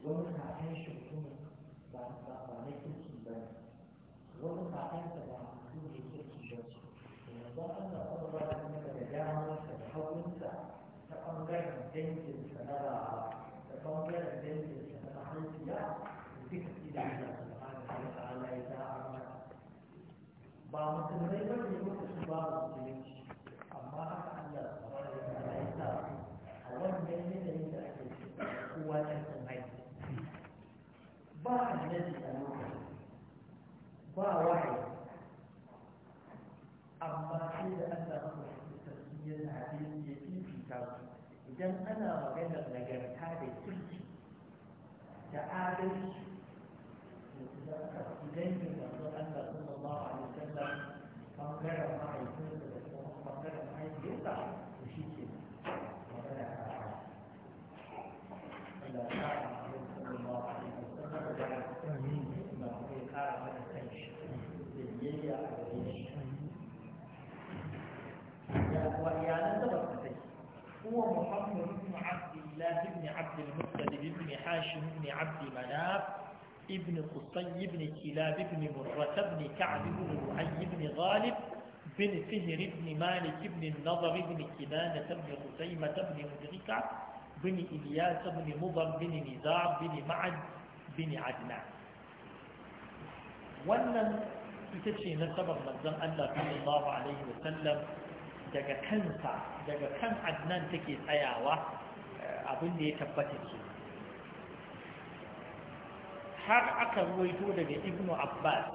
wani kakan shi mutumin ba ba na kirki ba ne wani kakan sa ba mutum ne kirki ba ce yanzu an da kuma ba da kuma daga damarsa da hagunsa ta ɓangaren danginsa na rawa da ɓangaren danginsa na mahaifiya duka ila Allah subhanahu wa ta'ala ya za'a ba mutum ne ما وحي أما حين أن أصبح تسمية عديد يتيم في الكتاب إذن أنا وغير نجم هذا الكل تعادل إذن الله بن عبد المطلب بن حاشم بن عبد مناف ابن قصي بن كلاب بن مرة بن كعب بن رعي بن غالب بن فهر بن مالك بن النضر بن كنانة بن خزيمة بن مدركة بن إلياس بن مضر بن نزار بن معد بن عدنان wannan ita ce na sabar manzon Allah sallallahu alaihi wasallam daga kansa daga kan Adnan take tsayawa abin da ya tabbata ke har aka ruwaito daga ibnu abbas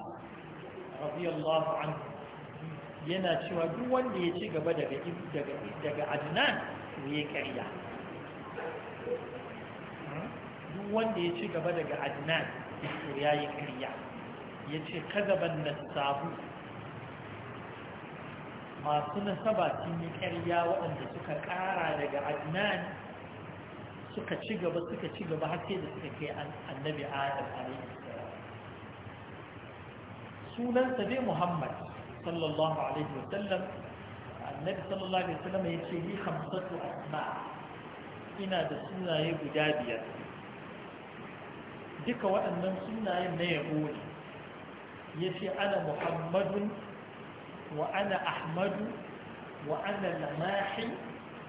radiyallahu anhu yana cewa duk wanda ya ci gaba daga daga adnan to ya kariya hmm? duk wanda ya ci gaba daga adnan to ya yi kariya ya ce kazaban na sabu masu nasaba sun yi kariya waɗanda suka ƙara daga adnan suka ci gaba suka ci gaba har sai da suka kai annabi adam alaihi salam sunansa dai muhammad sallallahu alaihi wa sallam annabi sallallahu alaihi wa ya ce ni hamsatu asma ina da sunaye guda biyar duka waɗannan sunayen na yabo ne ya ce ana muhammadun wa ana ahmadu wa ana lamahi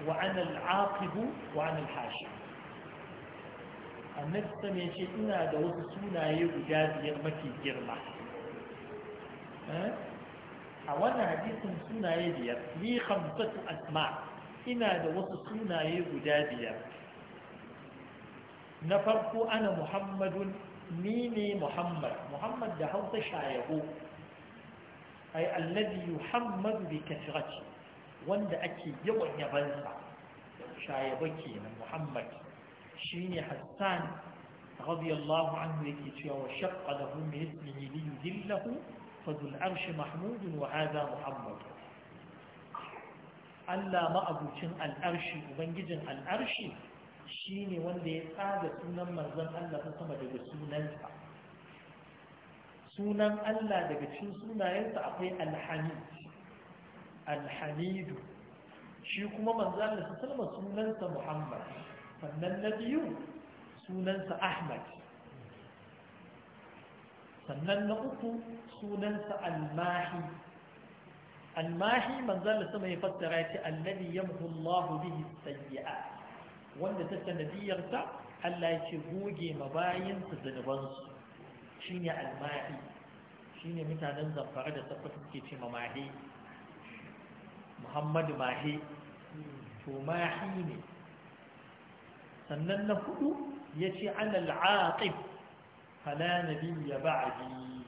wa ana al'aqibu wa ana al annabi ta mai ce ina da wasu sunaye guda biyar mafi girma eh? a wani hadisin sunaye biyar ni hamsatu asma ina da wasu sunaye guda biyar na farko ana muhammadun ni ne muhammad muhammad da hausa shayago ai allazi yuhammadu bi kasrati wanda ake yawan yabansa shayaba kenan muhammad shine Hassan radiyallahu anhu yake cewa wa shaqqa lahu min ismihi li yudillahu fa dhul arsh mahmud wa muhammad Allah ma abucin ubangijin al-arsh shine wanda ya tsada sunan manzon Allah ta daga sunansa sunan Allah daga sunayensa akwai al-hamid shi kuma manzon Allah ta sama sunansa muhammad sannan na biyu sunansa ahmad sannan na uku sunansa almahi almahi manzan sama ya fassara ce allabi yamhu Allahu bihi sayyi'a wanda ta sanadiyarta Allah ya ce goge mabayin su su shine almahi shine mutanen zamfara da safa suke ce mamahi muhammadu mahi to mahi ne sannan na hudu ya ce ana al'aqib fala nabiyya ba'di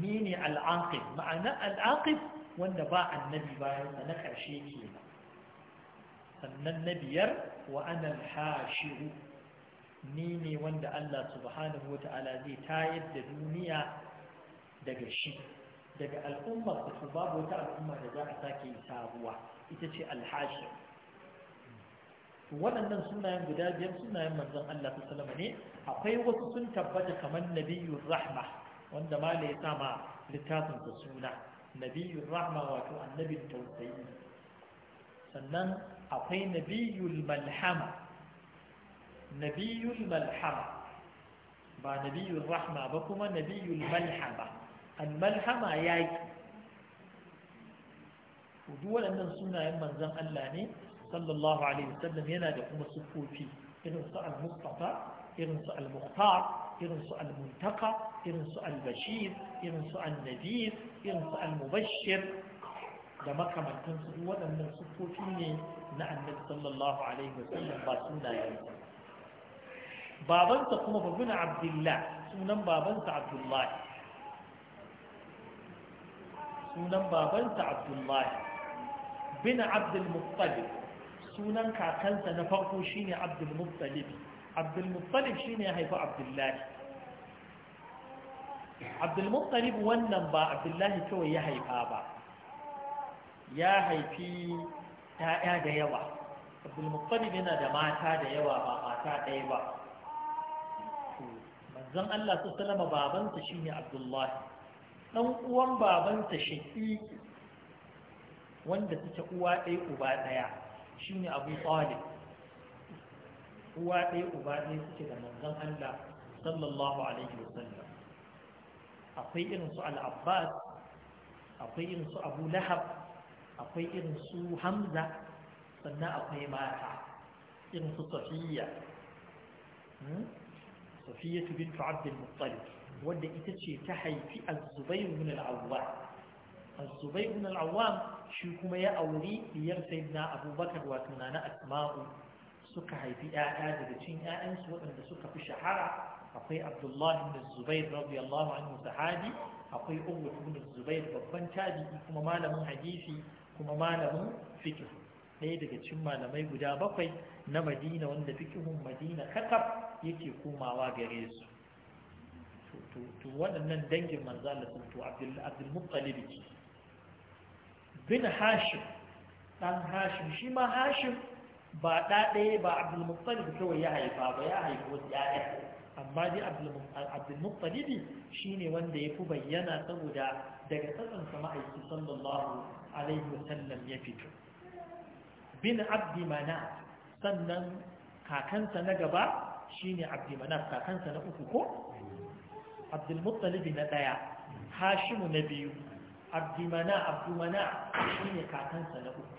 ni ne al'aqib ma'ana al'aqib wanda ba annabi bayan sa na kenan sannan na biyar wa anan hashiru ni ne wanda Allah subhanahu wa ta'ala zai tayar da duniya daga shi daga al'ummar da su babu wata al'umma da za a sake yi sabuwa ita ce alhashir waɗannan sunayen guda biyar sunayen manzon Allah su salama ne akwai wasu sun tabbata kamar nabiyun rahma wanda ma ya sama littafin da suna nabiyun rahma wato annabin tausayi sannan akwai nabiyul malhama nabiyul malhama ba nabiyul rahma ba kuma nabiyul malhama al-malhama yaki duk waɗannan sunayen manzon Allah ne sallallahu alaihi wasallam yana da kuma siffofi irin su al-mustafa irin su al-mukhtar irin su al-muntaka irin su al-bashir irin su an-nadir irin su al-mubashshir da makamantan su waɗannan siffofi ne na annabi sallallahu alaihi wasallam ba sunayen babansa kuma babun abdullah sunan babansa abdullahi sunan babansa abdullahi bin abdul muttalib sunan kakansa na farko shine abdul muttalib abdul muttalib shine ya haifi abdullahi abdul muttalib wannan ba abdullahi kawai ya haifa ba ya haifi ta'ya da yawa abdul muttalib yana da mata da yawa ba mata ɗaya ba manzon Allah su salama babansa shine abdullahi ɗan uwan babansa shaƙiƙi wanda suke uwa ɗaya uba ɗaya shine abu talib uwa ɗaya uba ɗaya suke da manzon Allah sallallahu alaihi wasallam akwai irin su al-abbas akwai irin su abu lahab akwai irin su hamza sannan akwai mata irin su safiya hmm? safiya bint abd al-muttalib wanda ita ce ta haifi az-zubayr ibn al-awwal الزبير بن العوام shi kuma ya auri biyar sai na abubakar wato na na asma'u suka haifi ‘ya'ya daga cin ‘ya'yansu waɗanda suka fi shahara akwai abdullahi bin zubair radiyallahu anhu sahabi akwai uwwat bin zubair babban tabi'i kuma malamin hadisi kuma malamin fiqh ɗaya daga cikin malamai guda bakwai na madina wanda fiqhun madina kakab yake komawa gare su to waɗannan dangin manzo Allah to Abdul Abdul bin hashim ɗan hashim shi ma hashim ba ɗaɗaya ba abdulmuttalib kawai ya haifa ba ya haifi wasu ya'ya amma dai abdulmuttalib shi ne wanda ya fi bayyana saboda daga tsatsansa ma'aiki sallallahu alaihi wasallam ya fito bin abdi mana sannan kakansa na gaba shi ne abdi mana kakansa na uku ko abdulmuttalib na ɗaya hashimu na biyu abdimana abdumana shi ne kakansa na uku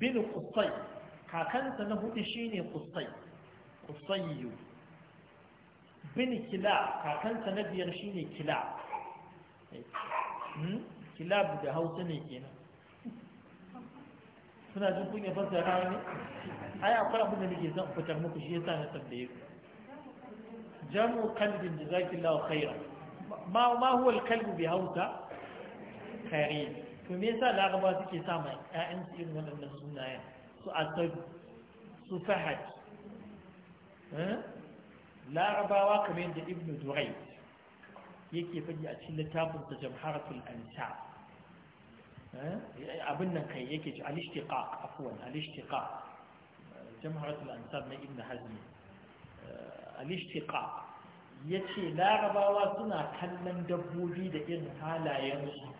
bin kusai kakansa na hudu shi ne kusai kusayyu bin kila kakansa na biyar shi ne kila hmm? kilab da hausa ne kenan suna jin kunya fasa rawa ne a ai akwai abin da nake zan fitar muku shi ya yasa na tambaye ku jamu kalbin jazakallahu khairan ما هو الكلب بهوتا خيرين فميسا لا غباتي كسامة أنت من السنة سؤال سفحت لا غبا وكمين دي ابن دريد يكي فجي أتشي لتابر تجمحارة الأنساب أبنى كي يكي الاشتقاق أفوا الاشتقاق جمحارة الأنساب من ابن حزمي آه، الاشتقاق ya ce larabawa suna kallon dabbobi da irin halayensu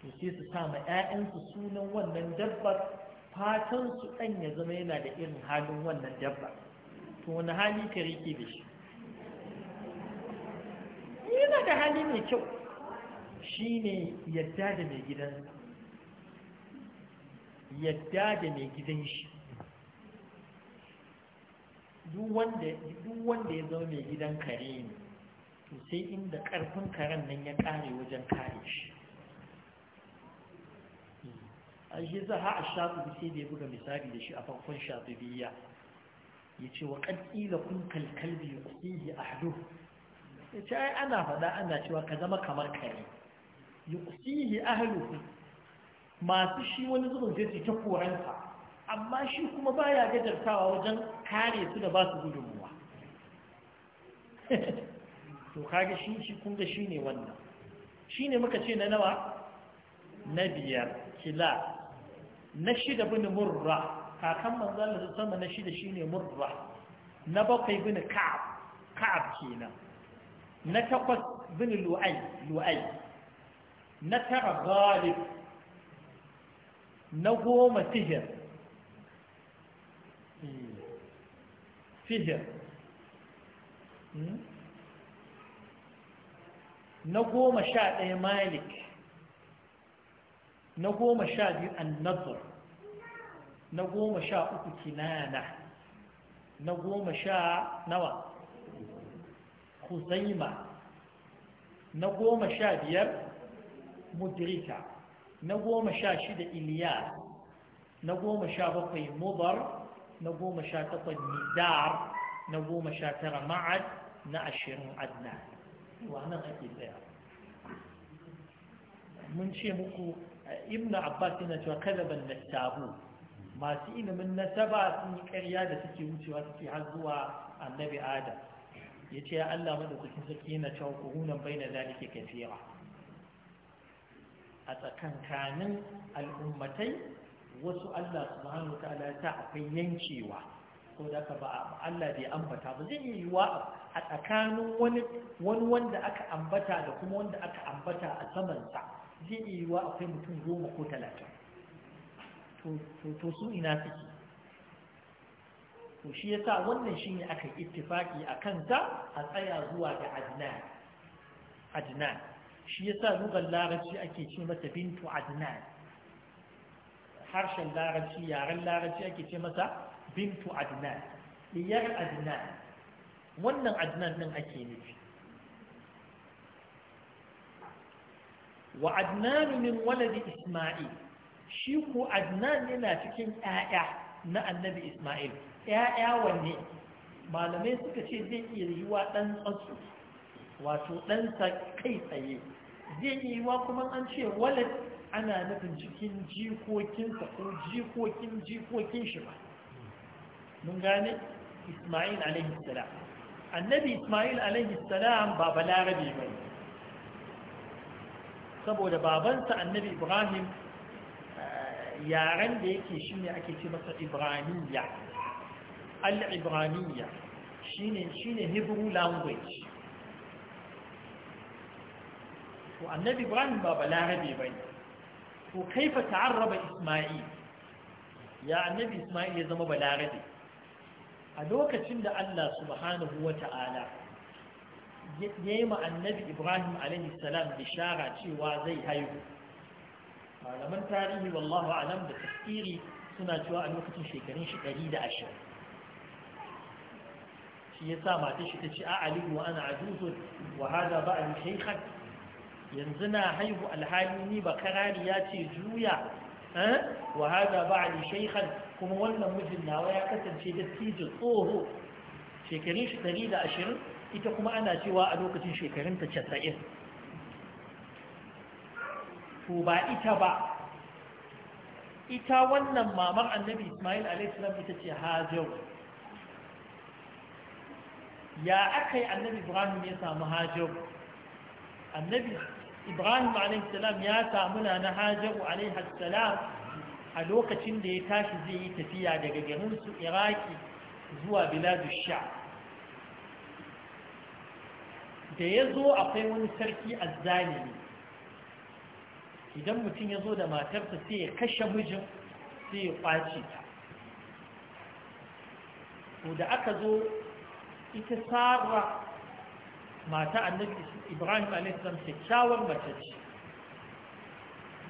to sai su sama 'ya'yansu sunan wannan dabbar fatan su ɗan ya zama yana da irin halin wannan dabba to wani hali ka rike da shi yana da hali mai kyau shi ne yadda da mai gidansa yadda da mai gidan shi duk wanda ya zama mai gidan kare ne to sai inda karfin karen nan ya kare wajen kare shi hmm. a shi za a shafi sai da ya buga misali da shi a farkon shafi biya ya ce wa ƙadƙila kun kalkalbi ya a ahdu ya ce ai ana faɗa ana cewa ka zama kamar kare ya a ahluhu masu shi wani zubin zai ta koransa amma shi kuma baya gajartawa wajen kare su da ba su gudun ruwa. to kaga shi shi kun ga shine wannan shine muka ce na nawa na biyar kila na shida bin murra kakan manzon da sama na shida shine murra na bakwai bin ka'ab ka'ab kenan na takwas bin lu'ai lu'ai na tara galib na goma sihir sihir hmm? na goma sha ɗaya malik na goma sha biyu annabur na goma sha uku kinana na goma sha nawa huzaima na goma sha biyar mudrika na goma sha shida iliya na goma sha bakwai mubar na goma sha takwas na goma sha tara ma'ad na ashirin adna nan ake tsaya mun ce muku ibn abbas yana cewa ban nasabu masu ilimin nasaba sun yi karya da suke wucewa suke har zuwa annabi adam ya ce ya allah madaukakin sarki yana cewa kuhunan bai na ke kafira a tsakankanin al'ummatai wasu Allah subhanahu wataala ya sa akwai yankewa ko da ka ba Allah bai ambata ba zai yi wa a tsakanin wani wani wanda aka ambata da kuma wanda aka ambata a saman sa zai yi wa akwai mutum goma ko talatin to to su ina suke to shi yasa wannan shine aka yi ittifaki a kansa a tsaya zuwa ga Adnan Adnan shi yasa lugar larabci ake ce mata bintu Adnan harshen larabci yaren larabci ake ce masa bintu adnan diyar adnan wannan adnan din ake nufi wa adnan min waladi isma'il shi ko adnan yana cikin 'ya'ya na annabi isma'il 'ya'ya wanne malamai suka ce zai iya yiwa ɗan tsatsu wato ɗansa kai tsaye zai iya yiwa kuma an ce walad ana nufin cikin jikokinsa ko jikokin jikokin shi ba mun gane ismail alaihi salam annabi ismail alaihi salam baba larabi ba saboda babansa annabi ibrahim yaren da yake shi ne ake ce masa ibraniya al-ibraniya shi ne hebrew language to annabi ibrahim baba larabi ba ne to kaifa ta'arraba Isma'il ya annabi Isma'il ya zama balarabe a lokacin da Allah subhanahu wata'ala ya yi ma annabi Ibrahim alaihi salam bishara cewa zai haihu malaman tarihi wallahu alam da tafsiri suna cewa a lokacin shekarun shi 120 shi yasa matar shi ta ci a alihu ana ajuzun wa hada ba'al shaykhat yanzu na haihu alhali ni ba karari ya ce juya eh? wa ba ba'ali shaykhan kuma wannan mijin nawa ya kasance da dattijo tsoho shekarun shi 120 ita kuma ana cewa a lokacin shekarun ta 90 to ba ita ba ita wannan mamar annabi Ismail alaihi salam ita ce Hajar ya aka yi annabi ibrahim ya samu hajjar annabi ibrahim alaihissalam ya samu na hajaru alaihissalam a lokacin da ya tashi zai yi tafiya daga garinsu iraki zuwa biladu sha da ya zo akwai wani sarki Zanini idan mutum ya zo da matarsa sai ya kashe mijin sai ya kwace ta da aka zo ita tsara mata annabi ibrahim alaihissalam kyakkyawar mace ce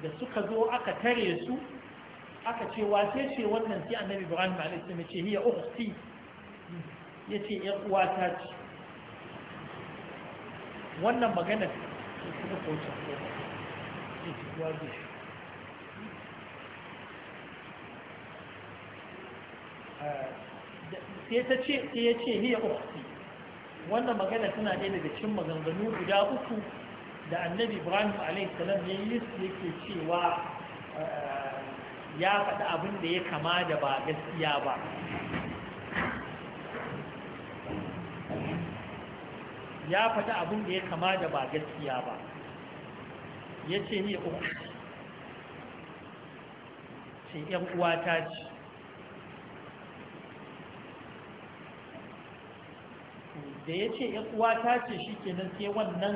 da suka zo aka tare su aka ce wace ce wannan sai annabi ibrahim alaihissalam ya ce hiya ukhti ya ce ‘yan uwata ce wannan magana ce kuma kocin kuma ya ce kuwa eh, sai ta ce ya ce hiya ukhti wannan magana tana ɗaya daga cikin maganganu guda uku da annabi ibrahim alaihissalam ya yi yake cewa ya faɗi abin da ya kama da ba gaskiya ba ya faɗi abin da ya kama da ba gaskiya ba ya ce ne uku ce ‘yan uwata ce da ya ce ‘yan'uwa ta ce shi kenan sai wannan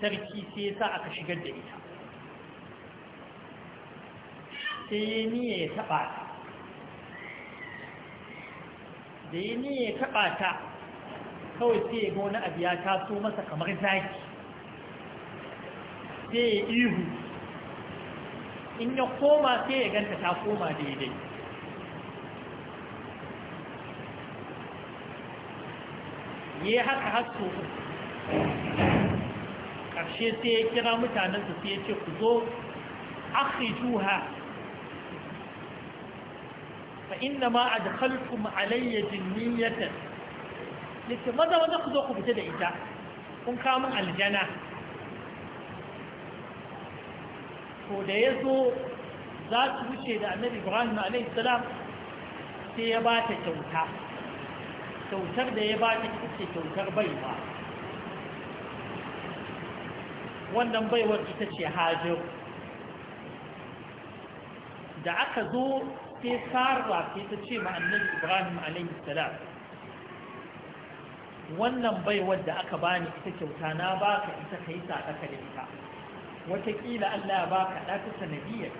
sarki sai ya sa aka shigar da ita sai ya niya ya taɓa ta da ya niya ya taɓa ta kawai sai ya ga wani abu ya taso masa kamar zaki sai ya ihu in ya koma sai ya ganta ta koma daidai ya haka hasko ƙarshe sai ya kira mutanen mutanensa sai ya ce ku zo akhijuha fa inna ma adkhaltum alayya jinniyatan yace maza maza ku zo ku fita da ita kun kawo min aljana Ko da ya zo za su wuce da annabi ibrahim alayhi salam sai ya ba ta kyauta kyautar da ya ba ta ce kyautar baiwa wannan baiwar ita ce hajjau da aka zo sai sarwa sai ta ce ma'annin ibrahim alaihissalam wannan baiwar da aka bani ita kyauta na baka ita ka yi sadaka da ita watakila allah ya baka ɗaka sanadiyar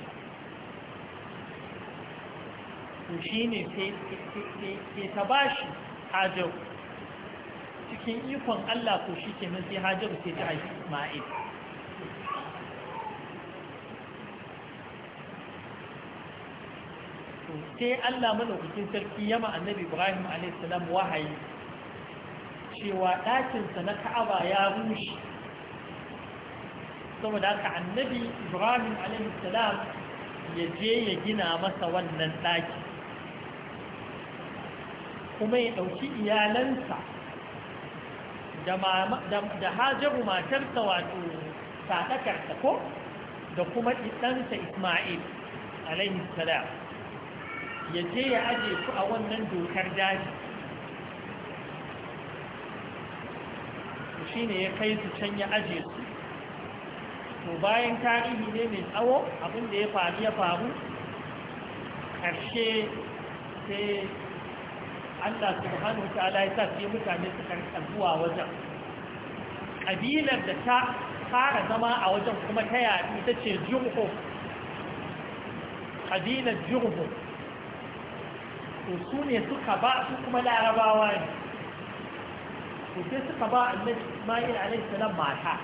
to shi ne sai ta bashi hajaru cikin ikon Allah ko shi kenan sai hajaru sai ta haifi Ismail sai Allah malaukakin sarki yama annabi Ibrahim a.s. wahayi cewa ɗakinsa na ka'aba ya rushe saboda haka annabi Ibrahim a.s. ya je ya gina masa wannan ɗaki kuma ya ɗauki iyalansa da hajaru matarsa wato sadakarsa ko da kuma ɗansa ismail alaihi salam ya je ya aje su a wannan dokar daji shi ne ya kai su can ya aje su to bayan tarihi ne mai tsawo abinda ya faru ya faru ƙarshe sai Allah subhanahu wa ta'ala ya sace mutane suka rika zuwa wajen kabilar da ta fara zama a wajen kuma ta yaɗu ita ce jirgo kabilar jirgo to su ne suka ba su kuma larabawa ne to sai suka ba annabi ismail alaihissalam mata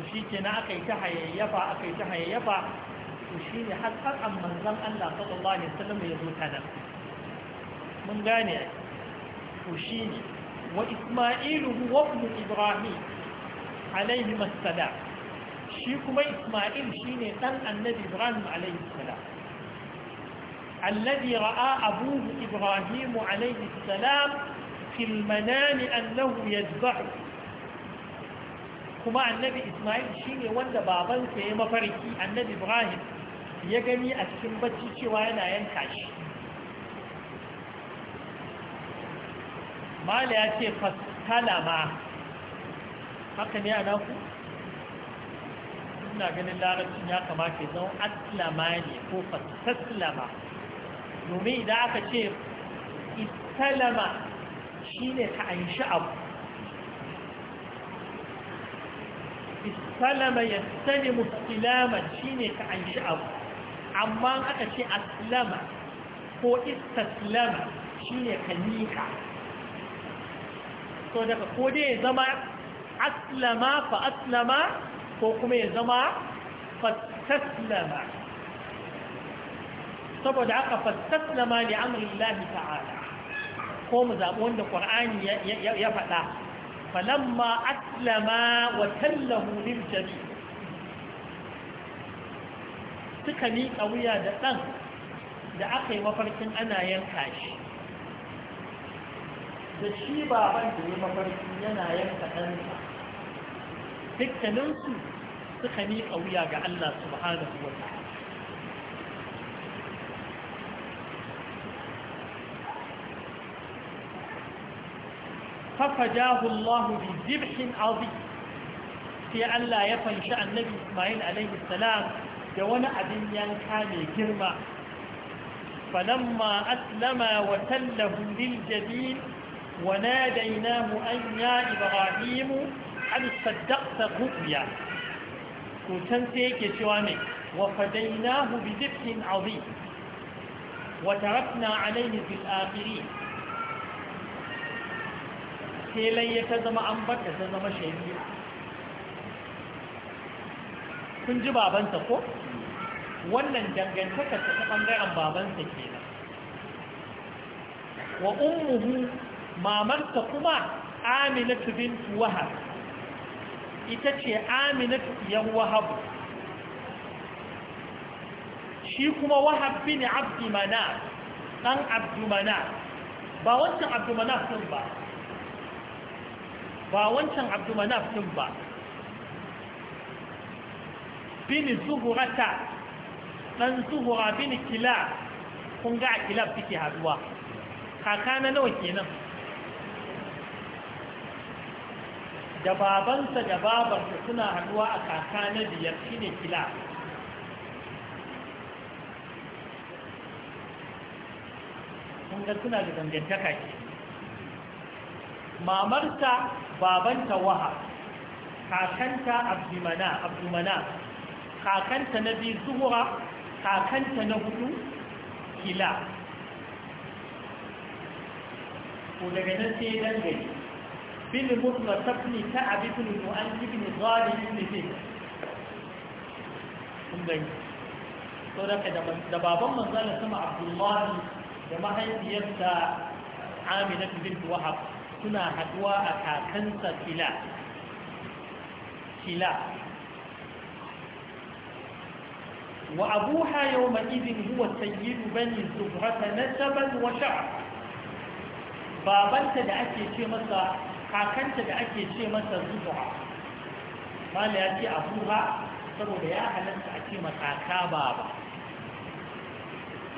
to shi ke na aka yi ta hayayyafa aka yi ta hayayyafa to shi ne har har an manzan Allah sallallahu alaihi wasallam ya zo ta nan mun gane to shi ne wa isma'ilu wa ibnu ibrahim alaihi assalam shi kuma isma'il shine dan annabi ibrahim alaihi salam الذي رأى أبوه إبراهيم عليه السلام في المنام أنه يذبحه kuma annabi ismail shi ne wanda babansa ya mafarki annabi ibrahim ya gani a cikin bacci cewa yana yanka shi mala ya ce fastalama haka ne a naku ina ganin larabcin ya kamata zan atlama ne ko fastaslama domin idan aka ce istalama shi ne ka an shi abu istalama ya sani musulama shi ne ka an shi abu amma aka ce aslama ko istaslama shine kanika so daga ko dai ya zama aslama fa aslama ko kuma ya zama fastaslama saboda aka fastaslama li amrillahi ta'ala ko mu zaɓi wanda ƙwar'ani ya faɗa falamma aslama wa tallahu lil jami'i suka miƙa wuya da ɗan da aka yi mafarkin ana yanka shi da shi baban da ya mafarkin yana yanka ɗansa dukkaninsu suka miƙa wuya ga Allah subhanahu wa ta'ala ففجاه الله بذبح عظيم في ألا يفنشأ النبي إسماعيل عليه السلام da wani abin yanka mai girma falamma aslama wa tallahu lil jabin wa nadainahu an ya ibrahim an saddaqta ru'ya to can sai yake cewa ne wa fadainahu bi dhibhin azim wa tarakna alayhi a akhirin sai lai ta zama an baka ta zama shari'a kun ji babansa ko wannan dangantaka ta bangaren babansa ke nan. wa ummuhu mamarta kuma aminatu bintu wahab ita ce aminatu yan wahabu shi kuma wahab bin abdi mana ɗan abdu mana ba wancan abdumana sun ba ba wancan abdumana mana sun ba Bini zuhurata dan zuhura bini kila kun ga a kilab suke haduwa Kakana nawa kenan da babansa da babansa suna haduwa a kakana na biyar shine kila kun ga suna da dangantaka ke mamarta babanta waha kakanta abdumana abdumana kakanta na biyu zuhura kakanta na hudu kila ko daga nan sai dan dangane bin mutla tafni ta abin mu'an ibn zalim ne ne kun dangane to da kada da baban manzana sama abdullahi da mahaifiyarsa amina bin wahab suna haduwa a kakanta kila kila وأبوها يومئذ هو سيد بني الزبرة نسبا وشعبا. بابنت دعك يشي مسا حاكنت دعك يشي مسا زبرة ما لأتي أبوها يا لي أهلا تأتي مسا كابابا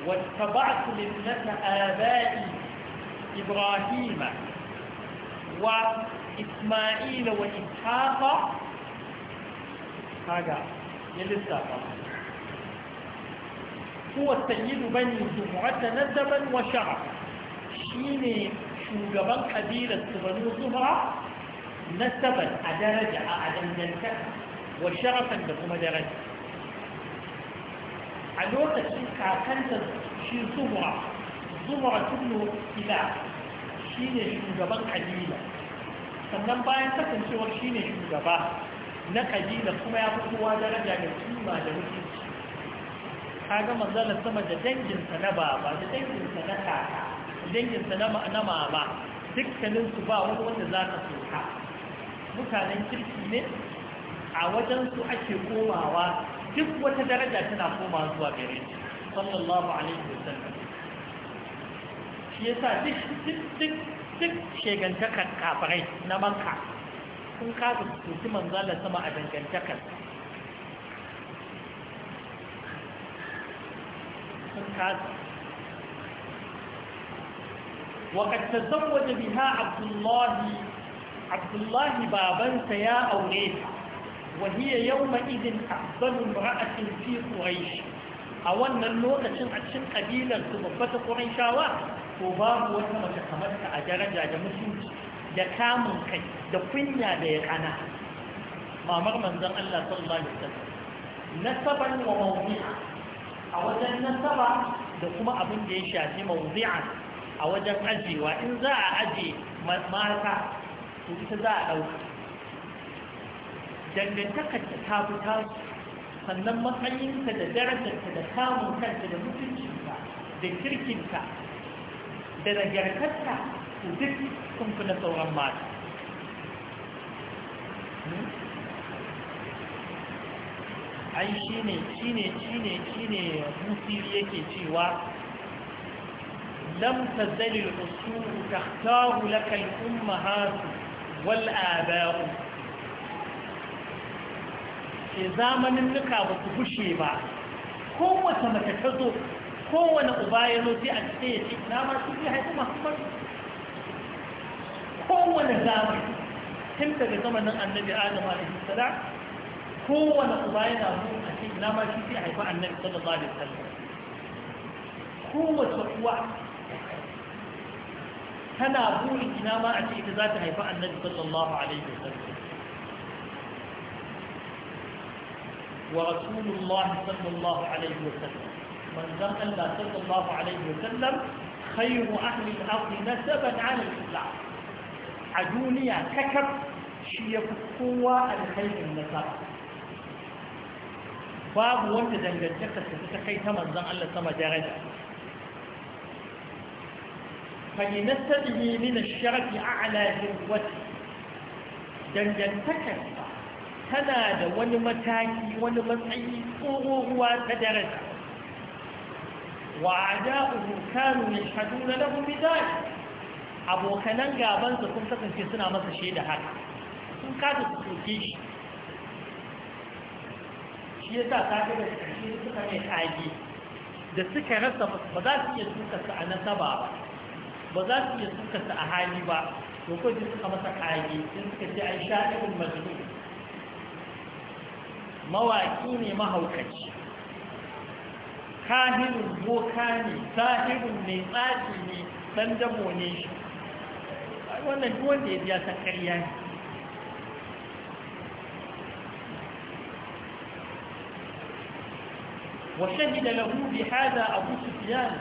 واتبعت لابنة آبائي إبراهيم وإسماعيل وإتحاق هذا يلسى فرحة huwa sayyidu bani zumurata nazaban wa sha'a shine shugaban kabilar su bani zumura nasaban a daraja a dangantaka wa da kuma daraja a lokacin kakanta shi zumura zumura tunu shugaban sannan bayan kasancewar ne shugaba na kabila kuma ya fi kowa daraja da kima da mutunci kaga manzalar sama da danginsa na baba da danginsa na kaka danginsa na mama dukkaninsu ba wani wanda za ka soka mutanen kirki ne a wajensu ake komawa duk wata daraja tana komawa zuwa gare shi sallallahu alaihi wasallam shi yasa duk duk duk duk shegantakar kafirai na manka sun kaga su manzalar sama a dangantakar sun kasa وقد تزوج بها عبد الله عبد الله بابنت يا أوليها وهي يومئذ أحسن امرأة في قريش أولا اللغة عشان قبيلة تضبط قريشاوة وباب وانما تخمدت أجرجا جمسوج دكام كي دفنيا بيقنا ما مرمى الله صلى الله عليه وسلم نسبا وموضعا a wajen nasaba da kuma abin da ya shafi mawuzi'an a wajen ajiyewa, in za a aje mata to ita za a ɗauka dangantakar ta tafi tasu sannan matsayinka da darajarta da kamun kanta da mutuncinka da kirkinka da nagartarka to duk sun fi na sauran mata hmm? ai shine shine shine shine musiri yake cewa lam tazali al-usul tahtaru laka al-ummahat wal aba'u ke zamanin nuka ba ku bushe ba kowace mace ta zo kowane uba ya zo sai a cikin ya ce na ma su ji haifu masu bari kowane zamani tun daga zamanin annabi adam alaihi salam كون قبائل أبو حكيم لا ما شيء فيه حيكون أن النبي صلى الله عليه وسلم قوة وقوة هنا أبو إجنا ما أعطي إجازات حيكون أن النبي صلى الله عليه وسلم ورسول الله صلى الله عليه وسلم من ذا الله صلى الله عليه وسلم خير أهل الأرض نسبا على الإسلام عدوني أتكر شيء قوة الخير النسبة babu wanda dangantakar su suka kai ta manzan Allah sama daraja fahimtattali min sharafi a'la jirwati dangantakar tana da wani mataki wani matsayi ruwa ta daraja wa ada'uhu kanu na lahu bidai abokanan gabansa kun kasance suna masa shaida haka sun kada su soke shi shi yasa ta ga da shi suka mai kage da suka rasa ba za su iya suka su a nasaba ba ba za su iya suka su a hali ba to kai ji suka masa kage sun suka ce ai sha'ibul majnun mawaki ne mahaukaci kahirin boka ne zahirin ne tsafi ne dan damo ne shi wannan duwanda ya biya ta karya ne وشهد له بهذا hada سفيان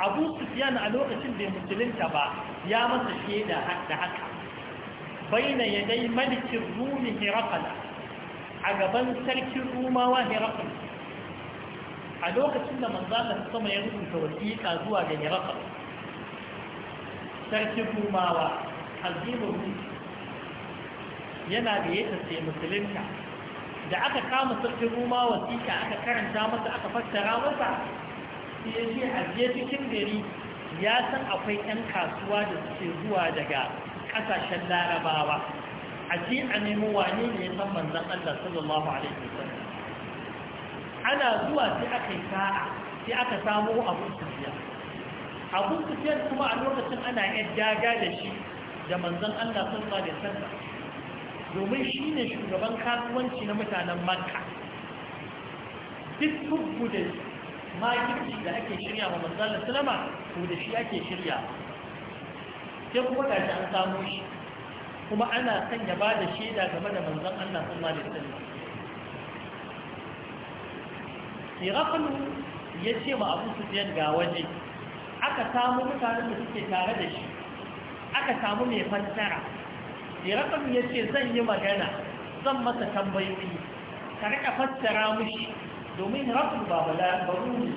أبو سفيان على وقت بمسلم تبع يا مسا شهد حتى بين يدي ملك الروم هرقل عقبان سرك الروم وهرقل a lokacin da manzalar sama ya rubuta wasiƙa zuwa ga yarakar sarki kumawa azimin yana da ya da aka kama sarkin ruma wasiƙa aka karanta masa aka fassara masa sai ya ce a je cikin gari ya san akwai 'yan kasuwa da suke zuwa daga ƙasashen larabawa a ce a nemo wane ne ya san manzan Allah sallallahu alaihi wasallam ana zuwa sai aka yi sa'a sai aka samo abu sufiya abu sufiya kuma a lokacin ana yadda da shi da manzan Allah sallallahu alaihi wasallam domin shi ne shugaban kasuwanci na mutanen makka duk kubu da makirci da ake shirya wa manzalar sulama ko da shi ake shirya sai kuma ga shi an samu shi kuma ana son ya ba da shaida game da manzan Allah kuma da sulama Sirakalu ya ce ma abu su ga waje aka samu mutanen da suke tare da shi aka samu mai fansara sirakam ya ce zan yi magana zan masa tambayoyi ka rika fassara mushi domin rabu ba bala ba ruru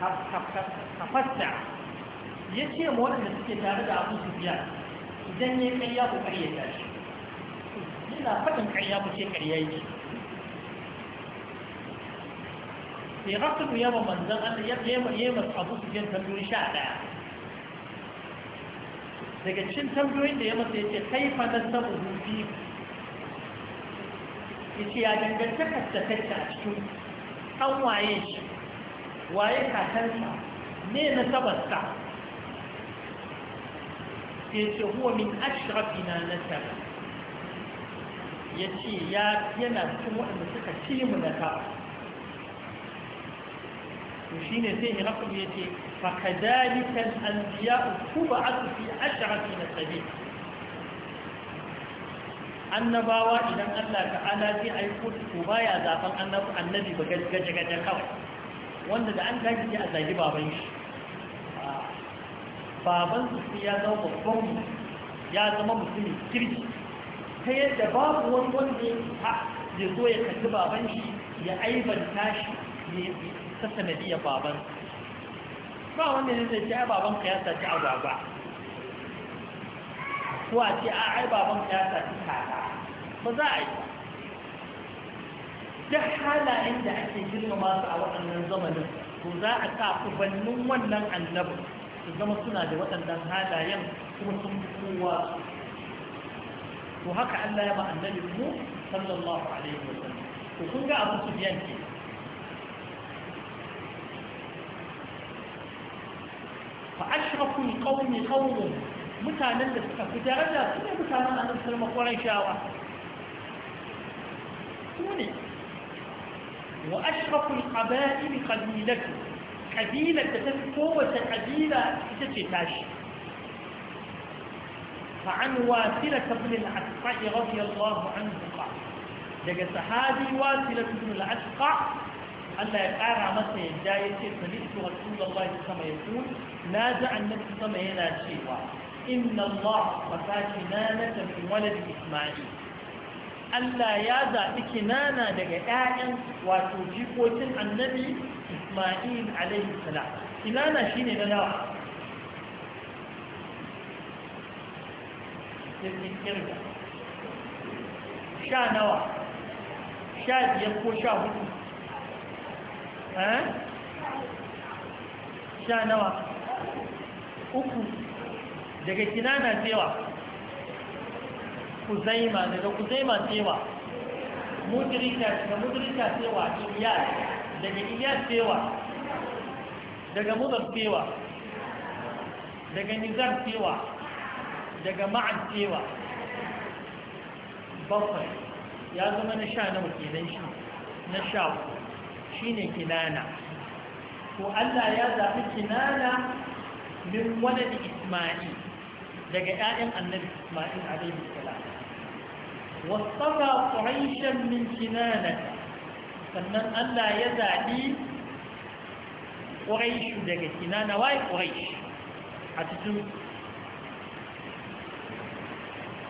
ka fassara ya ce ma waɗanda suke tare da abu su biya idan ya karya ku karya ta shi yana faɗin karya ku ce karya yake sai rasu ya ma manzan ya ma abu su biyan tambayoyi sha ɗaya daga cikin tambayoyin da ya masa yace kaifa nasabu fi yace ya dangantaka ta kanta a cikin an waye shi waye kakansa ne nasabarsa ce huwa min ashrafina na yace ya yana cikin waɗanda suka ci mu nasaba sai ya ce وشين سيه رقم يتي فكذلك الأنبياء تبعث في na نسبين annabawa idan Allah ta'ala zai aiko to ba ya zafin annabi ba gaje gaje kawai wanda da an gaji a zagi baban shi baban su sai ya zama babban mu, ya zama mutumin kirki ta yadda babu wani wanda ya zo ya kalli baban shi ya aibanta shi ta sanadiyar baban ba wanda ne zai ce ai baban ka ya saci agwagwa ko a ce ai baban ka ya saci kaka ba za a yi duk halayen da ake girma masu a waɗannan zamanin ko za a sa kubannin wannan annabin su zama suna da waɗannan halayen kuma sun kowa Ko haka Allah ya ba annabin mu sallallahu alaihi wasallam ko kun ga abu su biyan ke فأشرف القوم قوم متانا لسكف درجة كنه متانا أن نسلم قريشاوة كوني وأشرف القبائل قبيلة قبيلة تتفقوة قبيلة تتتاش فعن واسلة ابن العسقع رضي الله عنه قال لقد صحابي واسلة ابن العسقع الله يقارع مثل يبدا فليس رسول الله كما يقول نازع النبي كما ينال شيئا إن الله صفى كنانة من ولد إسماعيل ألا يازع كنانة لك آئن وتوجيب وتن النبي إسماعيل عليه السلام كنانة شيني لنا تبني نوا شا ديبقو شا Eh? sha nawa uku daga kinana cewa ma daga kuzaima cewa mudrika daga mudrika cewa iyas daga iyas cewa daga mudar cewa daga nizar cewa daga ma'an cewa bakwai ya zama na sha nawa kenan shi na sha uku shine kinana Ko Allah ya zabi kinana min walad Isma'il daga ƴaƴan annabi Isma'il alaihi salam wasafa quraishan min kinana sannan Allah ya zaɓi quraish daga kinana wai quraish a cikin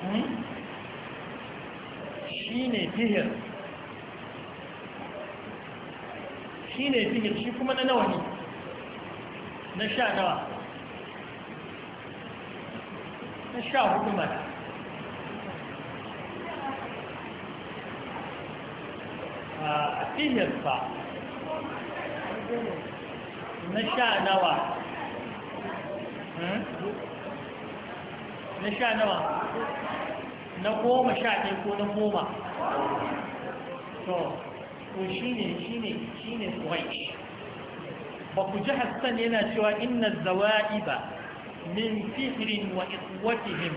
hmm? shi ne fihir shi ne zimir shi kuma na nawa ne na sha nawa na sha hudu a bihir ba na sha nawa hmm? na sha nawa na goma sha ɗaya ko na goma to يكون شيني شيني شيني قريش وكجه السنين شوى إن الزوائب من فهر وإخوتهم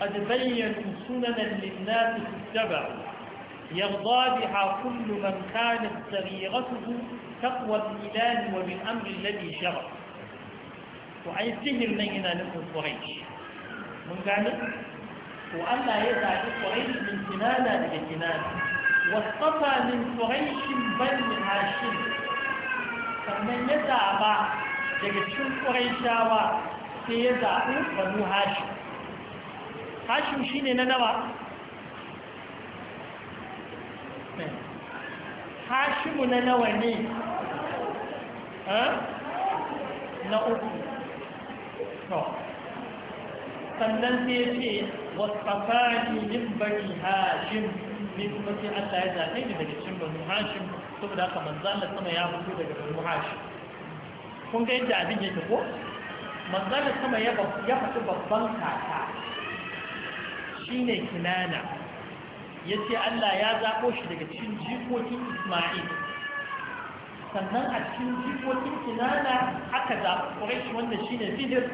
قد بيّنوا سننا للناس السبع يرضى بها كل من كانت سريرته تقوى الإلان وبالأمر الذي شرع وعي سهر لينا نحن قريش من كانت وأما يدعي قريش من سنانا لجنانا واصطفى من قريش بني هاشم sannan ya zaɓa daga cikin ƙuraishawa sai ya zaɓi banu hashim hashim shi ne na nawa hashimu na nawa ne na uku sannan sai ya ce wasu ne kuma sai Allah ya zaɓe ni daga cikin banu hashim saboda haka manzo Allah sama ya fito daga banu hashim kun ga yadda abin yake ko manzo Allah sama ya ya fito babban kaka shine kinana yace Allah ya zaɓo shi daga cikin jikokin Isma'il sannan a cikin jikokin kinana aka zaɓi Quraysh wanda shine Fidir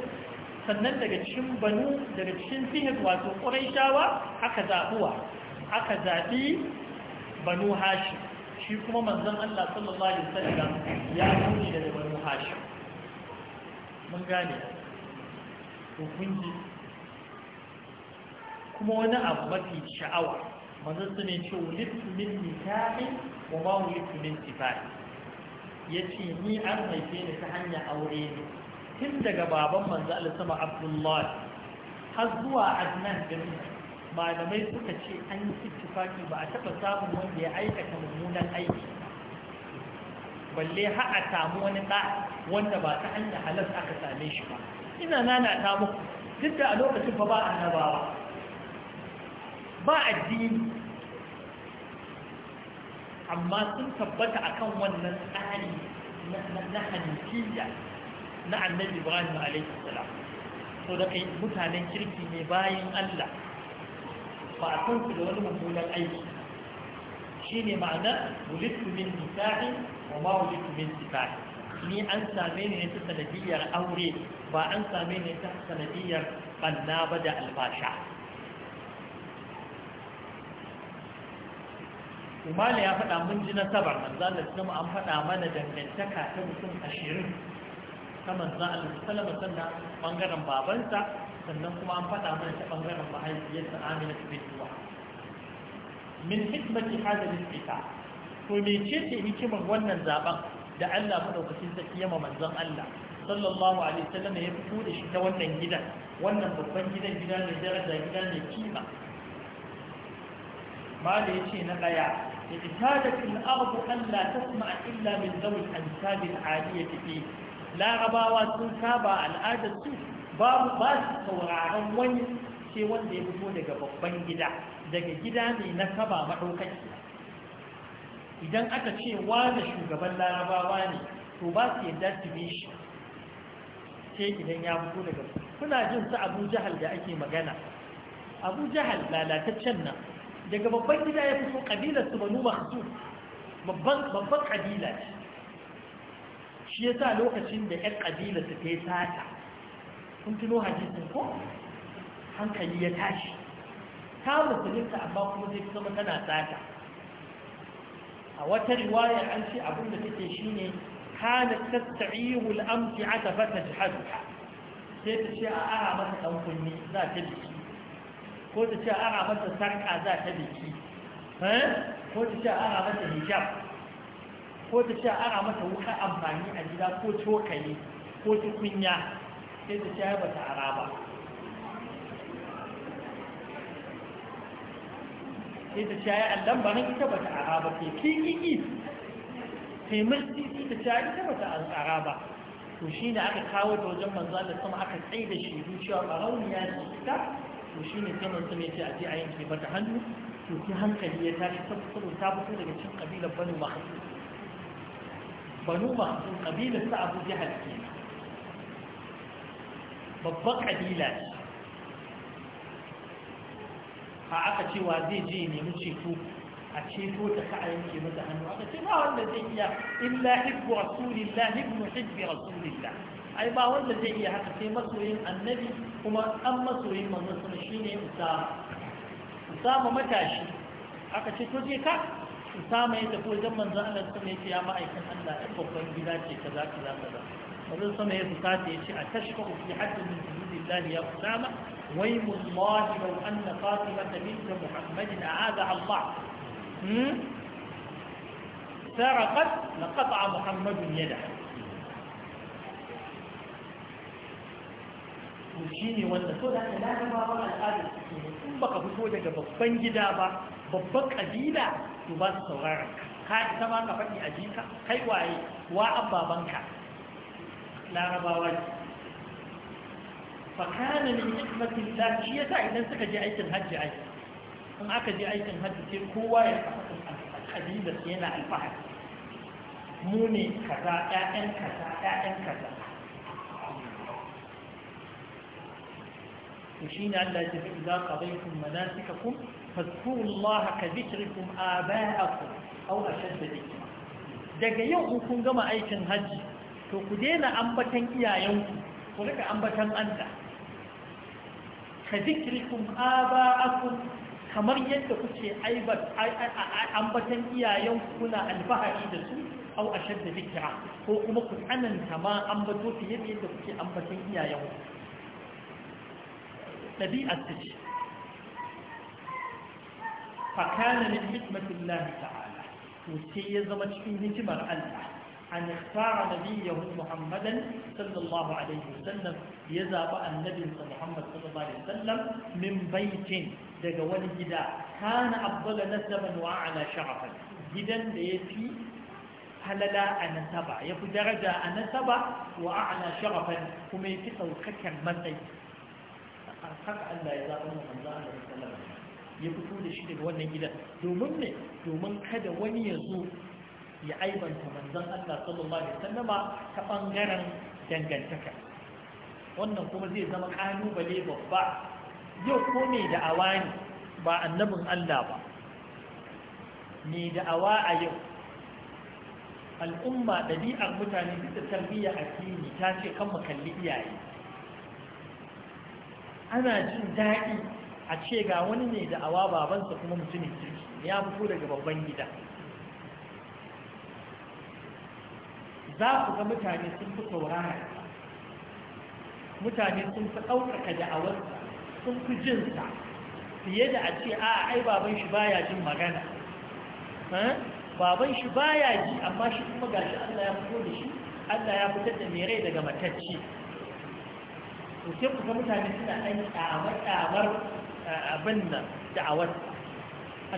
sannan daga cikin banu daga cikin Fidir wato ƙurai shawa, aka zaɓuwa aka zaɓi banu hashim shi kuma manzon Allah sallallahu alaihi wasallam ya nuni da banu hashim mun gane to kun kuma wani abu mafi sha'awa manzon su ne ce wulittu min nikahi wa ma wulittu min Ya ce ni an haife ni ta hanyar aure ne tun daga baban manzo Allah sama Abdullahi har zuwa Adnan bin malamai suka ce an yi tufafi ba a taɓa samun wanda ya aikata mummunan aiki balle har a samu wani ɗa wanda ba ta hanyar halas aka same shi ba ina nana ta muku duk da a lokacin ba ba annabawa ba addini amma sun tabbata akan wannan tsari na hanifiya na annabi ibrahim alaihi salam so da kai mutanen kirki ne bayan allah ba a san da wani aiki shi ne ma'ana wulittu min nisa'i wa ma wulittu min nisa'i ni an same ni ne ta sanadiyar aure ba an same ni ta sanadiyar banna ba da albasha umar ya faɗa mun ji nasabar manzan da sinima an faɗa mana dangantaka ta mutum ashirin ta manzan alisalama sannan ɓangaren babansa sannan kuma an faɗa mana ta ɓangaren mahaifiyarta amina ta bintuwa min hikmati hada lissita to mece ce hikimar wannan zaben da Allah madaukakin sarki yama manzon Allah sallallahu alaihi wasallam ya fito da shi ta wannan gidan wannan babban gidan gida ne daraja gida ne kima ya yace na daya ابتادت الأرض أن لا تسمع إلا من ذوي الأنساب العالية فيه لا غباوات سابا الآدة سوء babu ba su sauraron wani ce wanda ya fito daga babban gida daga gida ne na kaba maɗaukaki idan aka ce da shugaban larabawa ne to ba su yadda su bi shi sai idan ya fito daga kuna jin su abu jahal da ake magana abu jahal lalataccen nan daga babban gida ya fito kabilar su banu babban kabila ce shi ya sa lokacin da 'yan kabila su ta yi sata kun tuno hadisin ko hankali ya tashi ta musulunta amma kuma zai zama tana tsata a wata riwaya an ce abin da take shine kana tasta'ihu al-amti'ata fa tajhaduha sai ta ce a ara mata dan kunni za ta biki ko ta ce a ara mata sarka za ta biki eh? ko ta ce a ara mata hijab ko ta ce a ara mata wuka amfani a gida ko cokali ko tukunya sai ta shayar ba ta araba sai ta shayar allon ba ita ba ta araba ara ba sai kikiki sai ta shayar ita ba ta ara ba to shi ne aka kawo ta wajen manzo da sama aka tsaye da shi zuciya barauniya da ita to shi ne sai manzo ne ce a je a yanke mata hannu to ki hankali ya tashi saboda ta fito daga cikin kabilar banu mahsu banu mahsu kabilar sa abu jihar kenan babban ƙabila ne a aka cewa zai je nemi ceto a ceto ta ka a yanke mata hannu aka ce ba wanda zai iya in a illa hibbu rasulillah a hibbi rasulillah ai ba wanda zai iya haka sai masoyin annabi kuma an masoyin manzon sama shine usama usama matashi aka ce to je ka usama ya tafi wajen manzan Allah sama yake ya ma'aikan Allah ɗan babban gida ce ka ka za kaza kaza kaza manzon sama ya fusata ya ce a tashfa fi haddin min hududillah ya usama ويم الله لو أن فاطمة بنت محمد أعاذها الله سرقت لقطع محمد يدها shine wanda so da aka dace ba wa al'adar su in baka fito daga babban gida ba babban kabila to ba su sauraron ka ka ita ma ka faɗi a jika kai waye wa an babanka لا ربا وجه فكان من حكمة الله هي إذا انت جايت الهج عيسى ان اكا جايت الهج في القوة الحديدة هنا البحر موني كذا يا كذا يا كذا وشين الله يجب إذا قضيتم مناسككم فاذكروا الله كذكركم آباءكم أو أشد ذكرا دقيقكم كما أيش الهجي to ku daina ambatan iyayenku ku rika ambatan Allah ka zikrikum aba'akum kamar yadda kuke ambatan iyayenku kuna alfahari da su au ashadda zikra ko kuma ku tsananta ma ambato fiye da yadda kuke ambatan iyayenku ɗabi'ar ta ce fakana min hikmatin lahi ta'ala to sai ya zama cikin hikimar Allah an fara nabiyyahu muhammadan sallallahu alaihi wasallam ya zaba annabin sa muhammad sallallahu alaihi wasallam min baitin daga wani gida kana afdal nasaban wa ala gidan da yafi halala a nasaba ya fi daraja a nasaba wa ala kuma yafi saukakan matsayi haka Allah ya zaba mu manzo Allah sallallahu alaihi wasallam ya fito da shi daga wannan gidan domin kada wani ya zo ya aibanta manzon Allah sallallahu alaihi wasallama ta ɓangaren dangantaka wannan kuma zai zama kalubale babba yau ko mai da'awa ne ba annabin Allah ba Mai da'awa a yau al'umma ɗabi'ar mutane duk da tarbiyya addini ta ce kan mu kalli iyaye ana jin daɗi a ce ga wani mai da awa babansa kuma mutumin kirki ya fito daga babban gida za ku ga mutane sun fi saurara mutane sun fi ɗaukaka da'awarsa, sun fi jinsa fiye da a ce a ai baban shi baya jin magana baban shi baya ji amma shi kuma shi Allah ya fito da shi Allah ya fitar da merai daga matacci to sai ku ga mutane suna ɗan ƙamar ƙamar eh, abin nan da'awarsa.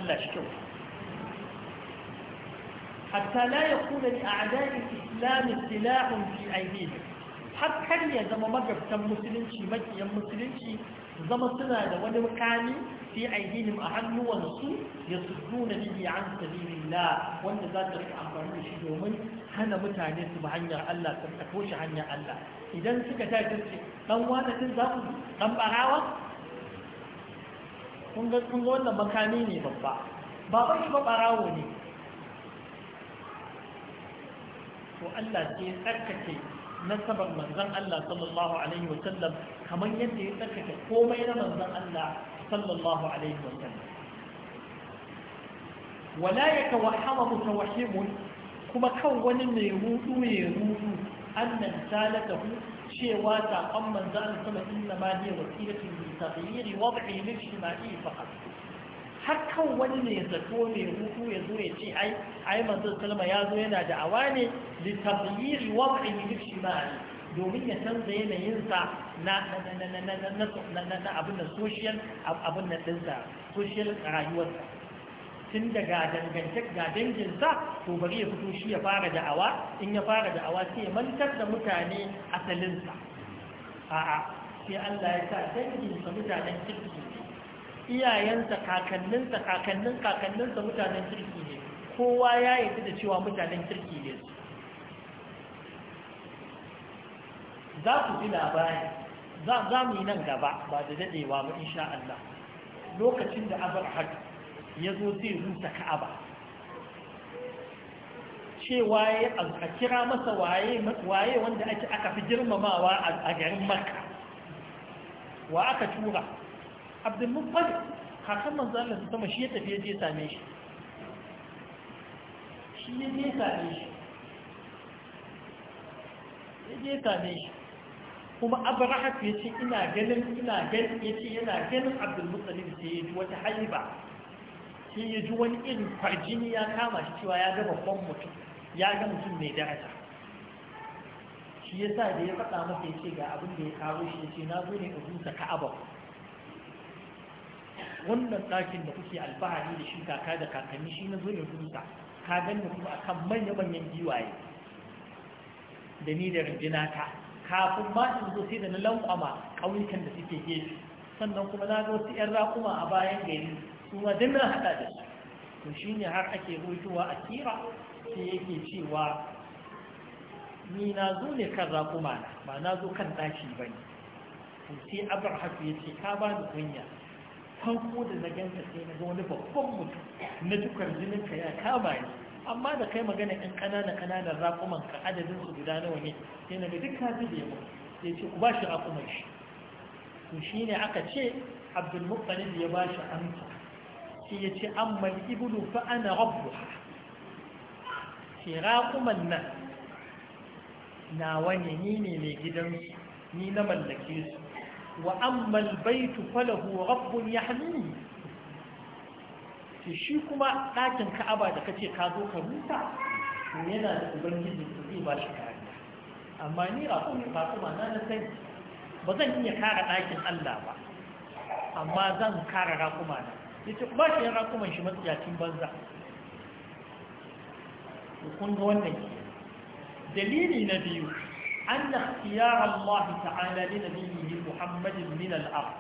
Allah shi kyau hatta la yakun li a'da'i islam silahun fi aydihim har kar ya zama magabtan musulunci makiyan musulunci zama suna da wani mukami fi aydihim a hannuwansu ya suduna bihi an sabilillah wanda za ta amfani shi domin hana mutane su ba hanyar Allah su tako shi hanyar Allah idan suka tashi ce dan wani tun za ku wannan makami ne babba ne to Allah sai ya tsarkake nasabar manzon Allah sallallahu alaihi kamar yadda ya tsarkake komai na manzan Allah sallallahu alaihi wa sallam wala kuma kan wani mai hudu mai hudu annan salatahu cewa saƙon manzan sama inna ma ne wasilatun bi taghyiri wad'i al-ijtima'i faqat har kan wani ne zato mai hutu ya zo ya ce ai ai manzo ya zo yana da awa ne li tabyi'i wad'ihi fi shimali domin ya canza yanayinsa na na abin da social abin da social rayuwarsa tun daga dangantaka ga danginsa to bari ya fito shi ya fara da'awa in ya fara da'awa sai ya mantar da mutane asalinsa a'a sai Allah ya sa danginsa mutanen kirki iyayensa kakanninsa kakannin kakanninsa mutanen kirki ne kowa ya yi da cewa mutanen kirki ne za ku ji labari za mu yi nan gaba ba da dadewa ba insha Allah lokacin da abarhad ya zo zai rusa ka'aba cewa a kira masa waye wanda ake aka fi girmamawa a garin maka wa aka tura abdul kakan manzo Allah su sama shi ya tafi ya je same shi shi ya je same shi ya je same shi kuma abrahat ya ce ina ganin ina ganin ya ce yana ganin abdul da sai ya ji wata haiba sai ya ji wani irin farjini ya kama shi cewa ya ga babban mutum ya ga mutum mai daraja shi ya sa da ya faɗa masa ya ce ga abin da ya kawo shi ya ce na zo ne ka huta ka'abar wannan ɗakin da kuke alfahari da shi kaka da kakanni shi na zo in rubuta ka ganni kuma akan manya-manyan giwaye da ni da rinjina ta kafin ma in zo sai da na lankwama ƙauyukan da suke gefe sannan kuma na ga wasu 'yan raƙuma a bayan gari su ma duk haɗa da su to shi ne har ake rutuwa a kira sai yake cewa ni na zo ne kan raƙuma na ba na zo kan ɗaki ba ne to sai ya ce ka ba ni kunya farko da na ganka sai na ga wani babban mutum na dukkan jinin ka ya kama ni amma da kai magana ɗan ƙanana ƙananan raƙuman ka adadin su guda nawa ne sai na ga duk ka da yawa? sai ce ku ba shi raƙuman shi to ne aka ce abdul muttalib ya ba shi amsa shi ya ce amma ibnu fa ana rabbu shi raƙuman nan nawa ne ni ne mai gidansu ni na mallake su wa ammal baitu falahu rabbun yahmihi to shi kuma ɗakin ka'aba da kace ka zo ka rusa to yana da ubangiji su zai ba shi kariya amma ni a kuma fatima na na sani ba zan iya kare ɗakin Allah ba amma zan kare rakuma na yace ba shi rakuman shi matsiyacin banza kun ga wannan dalili na biyu أن اختيار الله تعالى لنبيه محمد من الأرض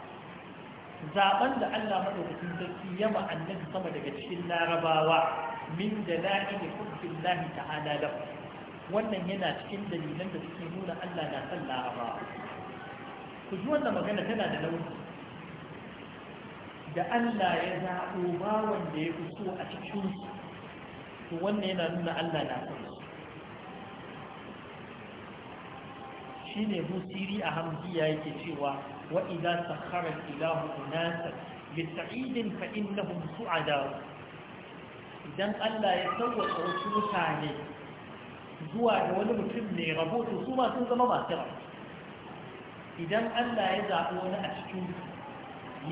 zaben da Allah madaukakin sarki ya ma sama daga cikin larabawa min da la'i da kufin lahi ta'ala da wannan yana cikin dalilan da suke nuna Allah na san larabawa ku ji wannan magana tana da nauyi da Allah ya zaɓo bawan da ya fi so a cikin to wannan yana nuna Allah na san ne musiri a hamziya yake cewa wa idza sakhara ilahu unasa bi sa'idin fa innahum su'ada idan Allah ya sauwaka wasu mutane zuwa ga wani mutum mai rabo to su ma sun zama masu rabo idan Allah ya zaɓi wani a cikin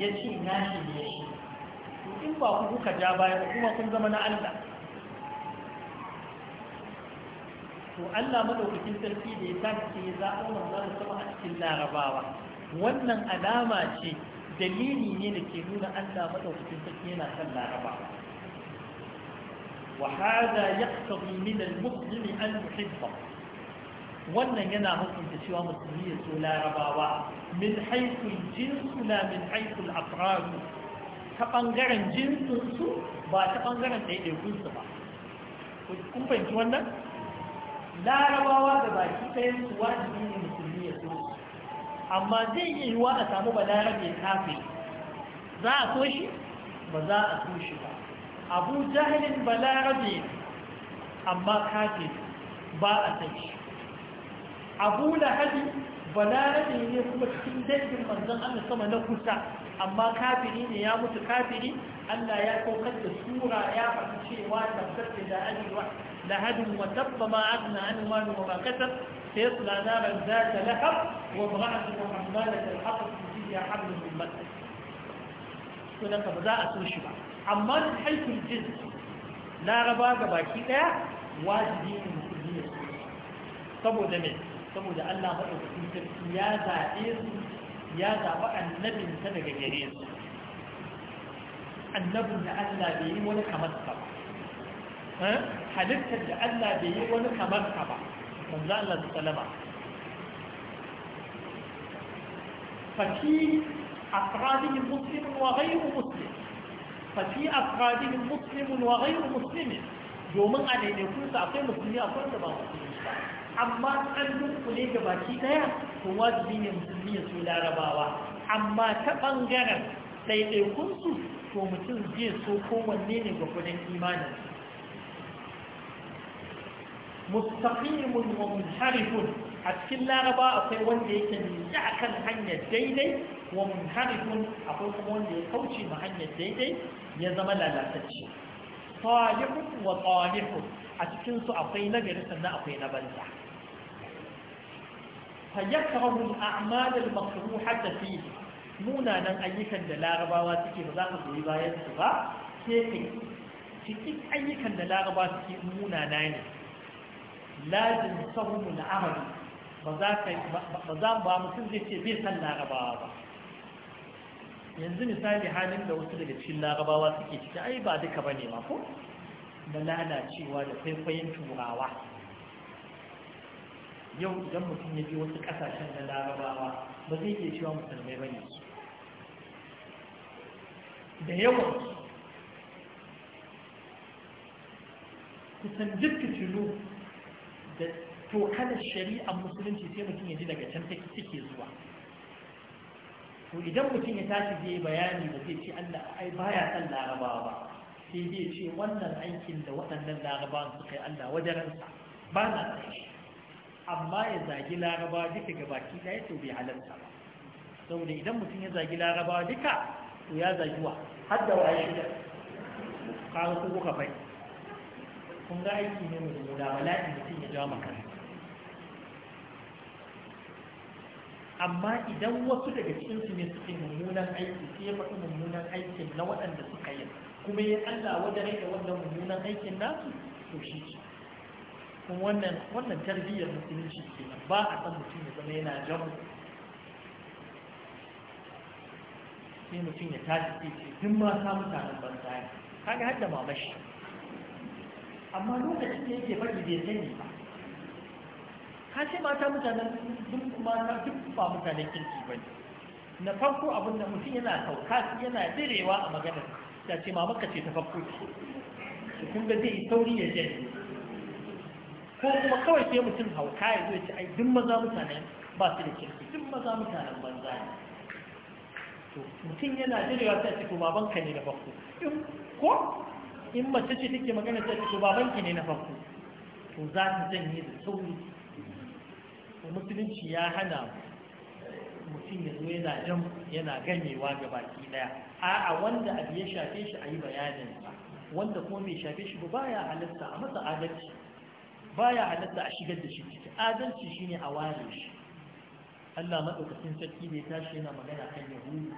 ya ce na shi ne shi to in ba ku kuka ja baya kuma kun zama na Allah to Allah madaukakin sarki da ya tashi ya zaɓo manzon sama a cikin larabawa wannan alama ce dalili ne da ke nuna Allah madaukakin sarki yana kan larabawa wa hada yaqtadi min al-muslim an yuhibba wannan yana hukunta cewa musulmi ya so larabawa min haiku jinsu la min haiku al'afraru ta ɓangaren jinsunsu ba ta ɓangaren ɗaiɗaikunsu ba kun fahimci wannan larabawa da baki ɗayan su wajibi ne musulmi ya so amma zai iya yi wa a samu balarabe kafe za a so shi ba za a so shi ba abu jahilin balarabe amma kafe ba a san shi abu lahabi balarabe ne kuma cikin dangin manzan allah sama na kusa amma kafiri ne ya mutu kafiri allah ya saukar da sura ya faɗi cewa tabbatar da ajiyar لهد وتبقى ما عدنا عنه ما وما كسب سيطلع نارا ذات لهب وابرعتم حمالة الحق في فيها حبل من مدى كنا فبداء ترشبع أما حيث الجزء لا رباك باكيدا واجدين المسلمين طبو دمين طبو دا الله أكبر يا ذائر يا ذا النبي سنة جريز النبي لعلى بيهم ولك مدفع Eh? halittar da Allah bai yi wani kamar ka ba manzo Allah ta salama ففي أفرادهم مسلم وغير مسلم ففي Musulmin, مسلم وغير مسلم domin a daidaikun su akwai musulmi a da ba musulmi ba amma an dunkule ga baki daya to wajibi ne musulmi ya so larabawa amma ta bangaren daidaikun su to mutum zai so kowanne ne ga kudin imanin mustaqimun wa munharifun a cikin laraba akwai wanda yake nisa akan hanyar daidai wa munharifun akwai kuma wanda ya kauce ma hanyar daidai ya zama lalatacce salihun wa salihun a cikin su akwai nagari sannan akwai na banza فيكره har المكروهة فيه munanan ayyukan da larabawa suke ba za ka goyi bayan su ba sai kai cikin ayyukan da laraba suke munana ne lazim sahumu na Amadu, ba za mu ba mutum zai ce bai san larabawa ba yanzu misali halin da wasu daga cikin larabawa suke ciki ai ba duka ba ne mako. na lalacewa da kwaikwayon turawa yau idan mutum ya bi wasu kasashen na larabawa ba zai iya cewa musulmai ba ne da yawan kusan duk fitilu da tokalar shari'ar musulunci sai mutum ya ji daga can take zuwa to idan mutum ya tashi zai bayani da zai ce Allah ai baya san larabawa ba sai zai ce wannan aikin da waɗannan larabawan suka yi Allah wajaransa ba na tsaye amma ya zagi larabawa duka ga baki ɗaya to bai halarta ba saboda idan mutum ya zagi larabawa duka to ya zagi wa har da waye da kawo kuka fai. kun ga aiki ne mai nuna bala'i mutum ya jawo makar amma idan wasu daga cikin su ne suke mummunan aiki sai ya faɗi mummunan aikin na waɗanda suka yi kuma ya Allah wajen da wanda mummunan aikin nasu to shi ce kuma wannan wannan tarbiyyar musulunci nan. ba a san mutum ya zama yana jamu sai mutum ya tashi sai ce duk mata mutanen banza ne kaga hadda mamashi amma lokacin da yake bari bai sani ba ka ce mata mutanen duk mata duk ba mutanen kirki ba ne na farko abin da mutum yana sauka yana direwa a maganar ta ce mamaka ce ta farko ce kun ga zai sauri ya je ko kuma kawai sai mutum hauka ya zo ya ce ai duk maza mutanen ba su da kirki duk maza mutanen banza ne to mutum yana direwa ta ce to babanka ne da farko ko in mace ce take magana ta ce baban ki ne na farko to za ta janye da sauri to musulunci ya hana mutum ya zo yana jan yana ganewa ga baki daya a'a wanda abu ya shafe shi a yi bayanin sa wanda kuma bai shafe shi ba ya halatta a masa adalci baya halatta a shigar da shi ciki adalci shine a ware shi Allah maɗaukacin sarki bai tashi yana magana kan yahudu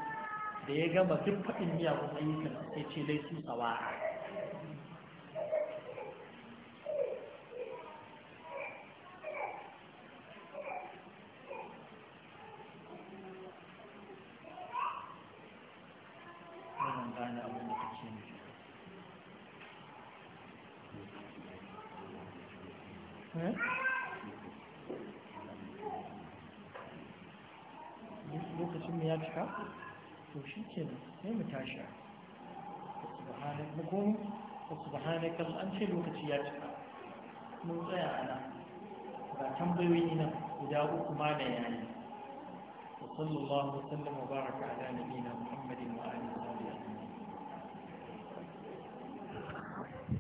da ya gama duk faɗin miyagun ayyukan sai ce laisu tsawa'a ke sai mu tashi subhanak mu komi subhanaka an ce lokaci ya cika mun tsaya ana ba tambayoyi nan guda uku ma da yayi وصلى الله وسلم وبارك على نبينا محمد وآله وصحبه أجمعين